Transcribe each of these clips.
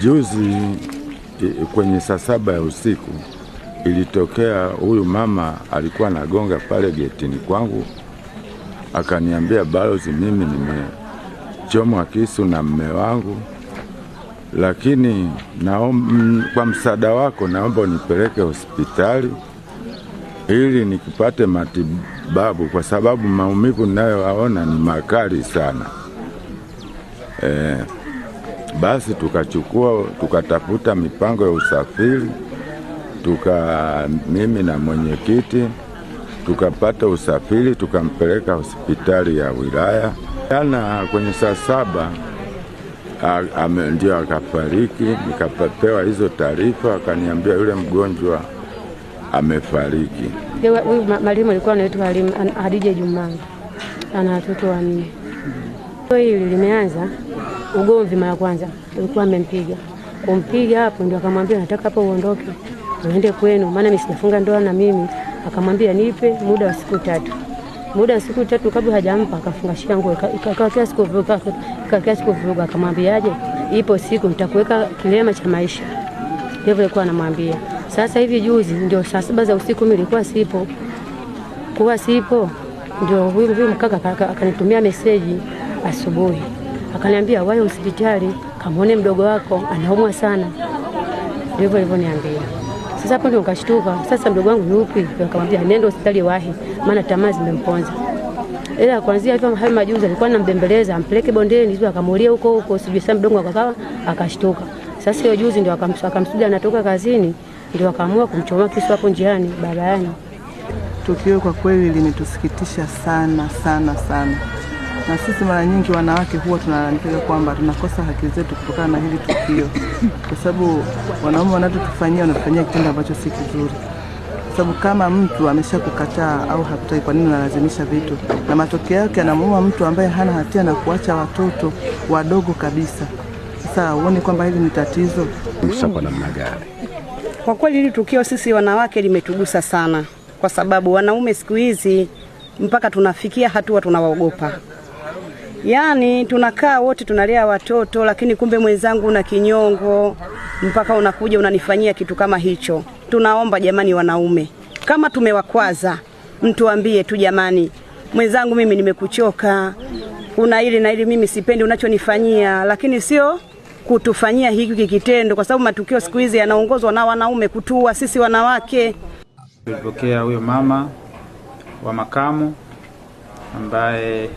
Juzi kwenye saa saba ya usiku ilitokea huyu mama alikuwa nagonga pale getini kwangu, akaniambia balozi, mimi nimechomwa kisu na mme wangu, lakini naom, kwa msaada wako naomba unipeleke hospitali ili nikipate matibabu kwa sababu maumivu ninayoyaona ni makali sana eh. Basi tukachukua tukatafuta mipango ya usafiri tuka, mimi na mwenyekiti tukapata usafiri tukampeleka hospitali ya wilaya jana kwenye saa saba ndio akafariki. Nikapewa hizo taarifa, akaniambia yule mgonjwa amefariki. Huyu mwalimu alikuwa anaitwa Hadija Jumanga, ana watoto wanne. Hili limeanza ugomvi, mara kwanza alikuwa amempiga kumpiga, hapo ndio akamwambia nataka hapo uondoke uende kwenu, maana mimi sijafunga ndoa na mimi. Akamwambia nipe muda wa siku tatu, muda wa siku tatu kabla hajampa akafungashia nguo, ikawekea siku vuruga, ikawekea siku vuruga. Akamwambiaje, ipo siku nitakuweka kilema cha maisha, hivyo alikuwa anamwambia. Sasa hivi juzi ndio saa saba za usiku mimi nilikuwa sipo, kuwa sipo, ndio huyu mkaka akanitumia meseji asubuhi, akaniambia wewe hospitali kamwone mdogo wako anaumwa sana. Ndivyo alivyoniambia. Sasa hapo ndio nikashtuka. Sasa mdogo wangu yupi? Akamwambia nenda hospitali wahi, maana tamaa zimemponza. Ila kuanzia hivyo hayo majuzi alikuwa anambembeleza ampeleke bondeni, sio akamulia huko huko, sijui sasa mdogo akawa akashtuka. Sasa hiyo juzi ndio akamsudia anatoka kazini, ndio akaamua kumchoma kisu hapo njiani barabarani. Tukio kwa kweli limetusikitisha sana sana sana na sisi mara nyingi wanawake huwa tunalalamika kwamba tunakosa haki zetu kutokana na hili tukio, kwa sababu wanaume wanatufanyia wanatufanyia kitendo ambacho si kizuri, kwa sababu kama mtu ameshakukataa au hakutaki, kwa nini unalazimisha vitu? Na matokeo yake anamuua mtu ambaye hana hatia na kuacha watoto wadogo kabisa. Sasa uone kwamba hili ni tatizo kwa namna gani? Kwa kweli hili tukio sisi wanawake limetugusa sana, kwa sababu wanaume siku hizi mpaka tunafikia hatua tunawaogopa. Yaani tunakaa wote tunalea watoto, lakini kumbe mwenzangu una kinyongo mpaka unakuja unanifanyia kitu kama hicho. Tunaomba jamani, wanaume kama tumewakwaza, mtuambie tu jamani, mwenzangu, mimi nimekuchoka, kuna hili na hili, mimi sipendi unachonifanyia, lakini sio kutufanyia hiki kitendo, kwa sababu matukio siku hizi yanaongozwa na wanaume kutua sisi wanawake. Tulipokea huyo mama wa makamu ambaye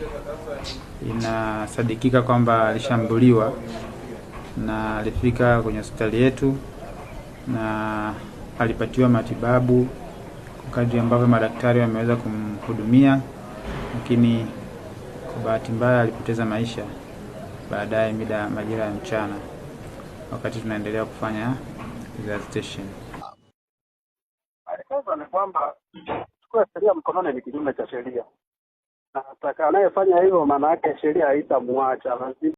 inasadikika kwamba alishambuliwa na alifika kwenye hospitali yetu na alipatiwa matibabu kwa kadri ambavyo madaktari wameweza kumhudumia, lakini kwa bahati mbaya alipoteza maisha baadaye mida majira ya mchana, wakati tunaendelea kufanya resuscitation. ni kwamba chukua sheria mkononi ni kinyume cha sheria na atakayefanya hivyo maana yake sheria haitamwacha lazima